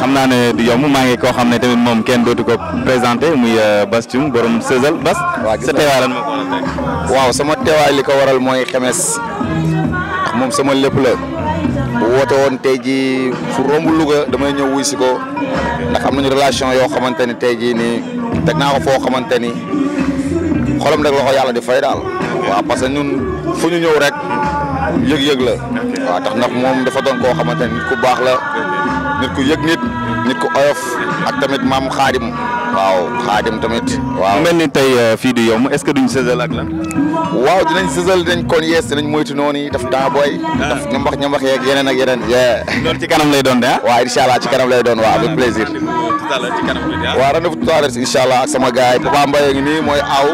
xam naa ne du yomb maa ngi koo xam ne tamit moom kenn dootu ko présenté muy euh, Bass Thioung borom Sëzal Bass. waaw sa teewaay lan waaw sama teewaay li ko waral mooy xemes ndax moom sama lépp la woote woon tey jii fu romb Louga damay ñëw wuy si ko ndax am nañu relation yoo xamante ne tey jii nii teg naa ko foo xamante ni xolam rek la ko yàlla di fay daal. waaw parce que ñun fu ñu ñëw rek yëg-yëg la. waaw tax ndax moom dafa doon koo xamante ni ku baax la. nit ku yëg nit nit ku oyof ak tamit maam xaadim waaw xaadim tamit waaw mel ni tey euh, fii du yomb est-ce que duñ sësal ak lan waaw dinañ sësal dinañ kon yees dinañ moytu noonu yi daf daa booy ah. daf ñambax ñambax yeeg yeneen ak yeneen loolu ci kanam lay doon de ah? waaw incha ci kanam lay doon waaw avec plaisir waaw rendez-vous tout ak sama gars yi Papa Mbaye ngi nii mooy aw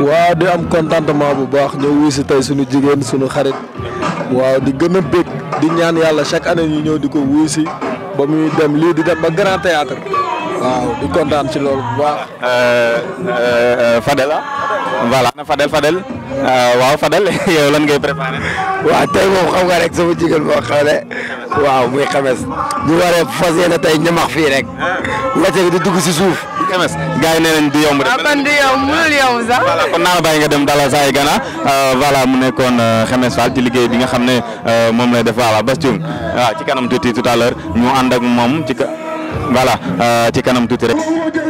waaw di am contentement bu baax ñëw wii si tey suñu jigéen suñu xarit waaw di gën a bëgg di ñaan yàlla chaque année ñu ñëw di ko wuy si ba muy dem lii di dem ba grand théâtre waaw di kontaan ci loolu bu baax. Euh, euh, euh, Fadel ah. voilà Fadel Fadel. waaw Fadel yow lan ngay préparé. waaw tey moom xam nga rek sama jigéen boo xoolee. waaw muy xames. ñu waree fas yéene tey ñamax fii rek. wàcce ah. gi di dugg si suuf. di yi nee nañ di yomb de. waaw ah, man nga dem dalal saa yu gana voilà mu nekkoon xames Fall liggéey bi nga xam ne moom lay def voilà Bass waaw ah, ci kanam tuuti tout à ñu ànd ak moom voilà euh, ci kanam tuuti rek.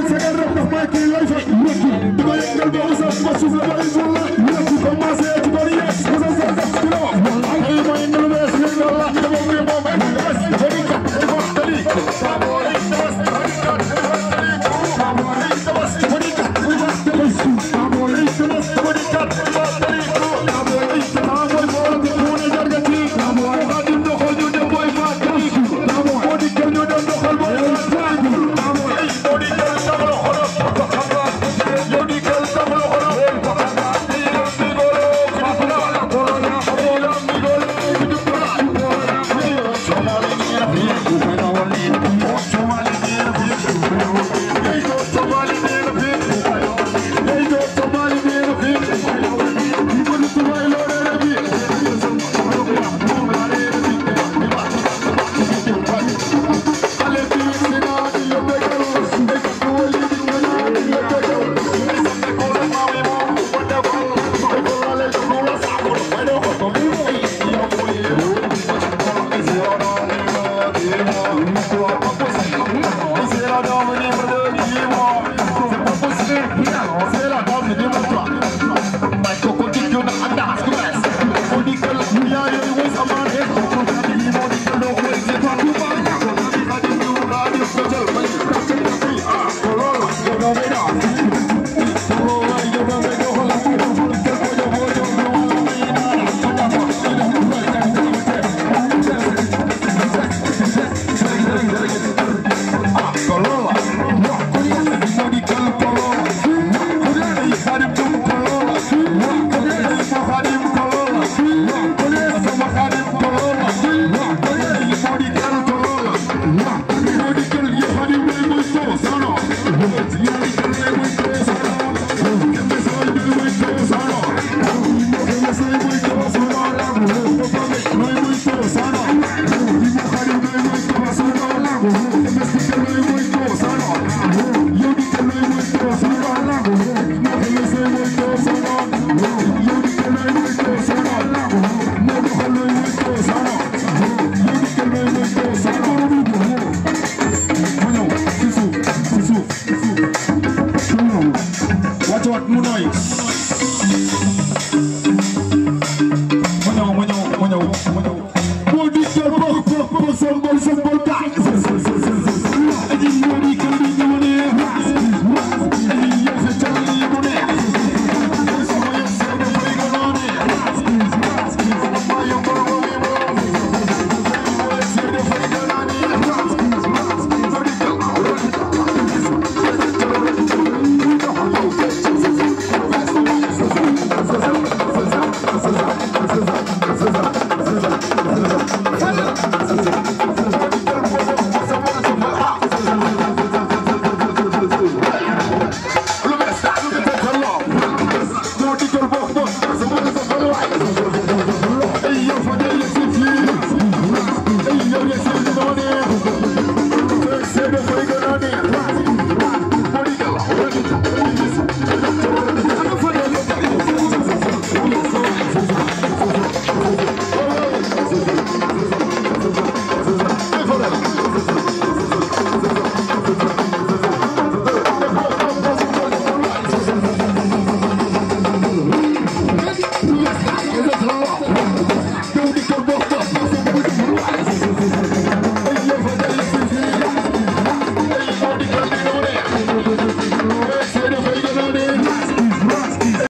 soppama sombol sombolka Bob, Bob, Bob.